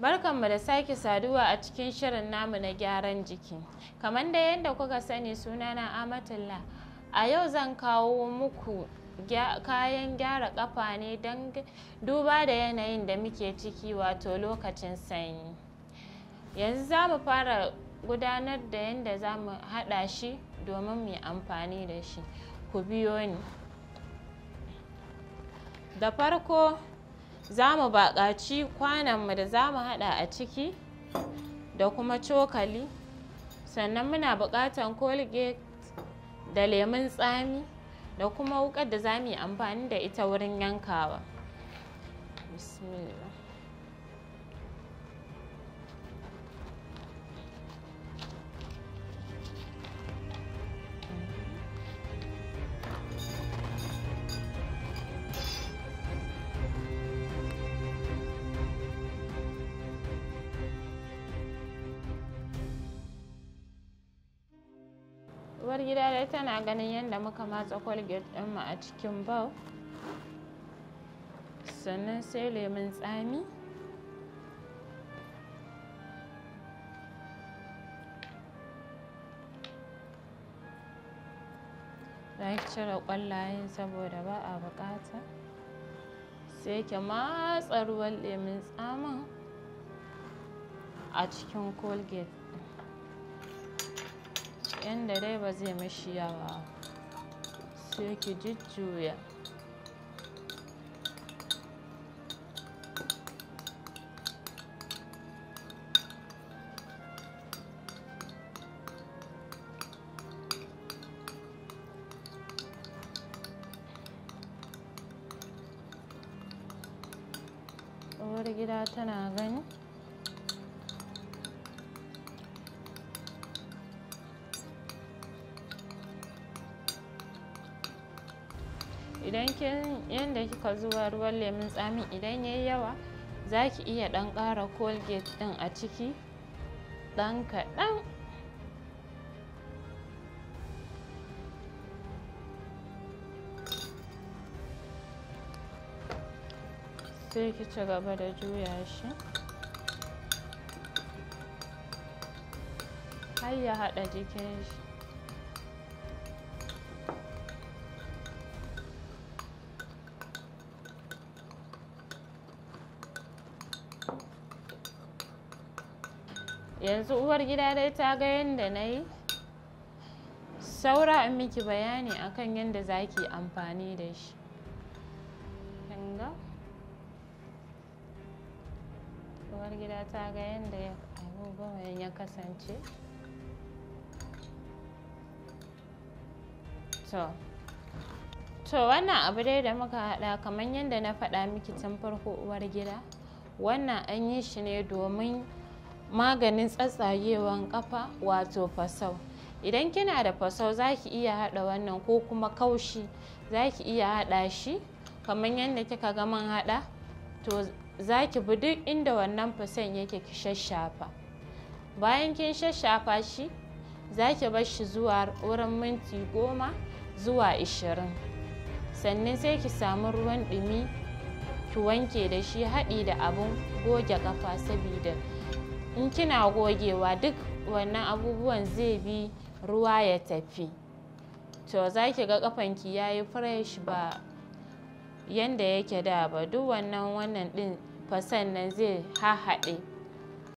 Barkanmu da sake saduwa a cikin shirin namu na gyaran jiki. Kamar da yadda kuka sani sunana amatulla A yau zan kawo muku kayan gyara ƙafa ne don duba da yanayin da muke ciki wato lokacin sanyi. Yanzu za mu fara gudanar da yadda za mu haɗa shi domin mu yi amfani da shi. Ku biyo ni. Da farko za mu baƙaci kwananmu da za mu haɗa a ciki da kuma cokali sannan muna buƙatar colgate da lemun tsami da kuma wuƙar da za mu yi amfani da ita wurin yankawa bismillah uwar gida dai tana ganin yadda muka matsa colgate mu a cikin bau sannan sai lemun tsami za ki cire kwallayen saboda ba a bukata sai ke matsa ruwan lemun tsamin a cikin colgate yadda dai ba zai mashi yawa sai ki jujjuya uwar gida tana gani idan kin yanda kika zuwa ruwan lemun tsami idan yayi yawa zaki iya dan kara colgate din a ciki dan kaɗan sai ki ci gaba da juya shi har ya haɗa jikin shi yanzu uwar gida dai ta ga yadda na yi saura in miki bayani akan yadda za ki amfani da shi uwar gida ta ga yadda abubuwan ya kasance to to wannan abu dai da muka haɗa kamar yadda na faɗa miki tun farko uwar gida wannan an yi shi ne domin maganin tsatsayewan kafa wato fasau idan kina da fasau za ki iya haɗa wannan ko kuma kaushi za ki iya haɗa shi kamar yadda kika ga man haɗa to za ki bi duk inda wannan fasan yake ki shashafa bayan kin shashafa shi za ki bar shi zuwa wurin minti goma zuwa ishirin sannan sai ki samu ruwan ɗumi ki wanke da shi haɗi da abin goge kafa sabida in kina gogewa duk wannan abubuwan zai bi ruwa ya tafi to za ki ga ƙafanki ya yi fresh ba yanda yake da ba duk wannan wannan din fasan nan zai hahade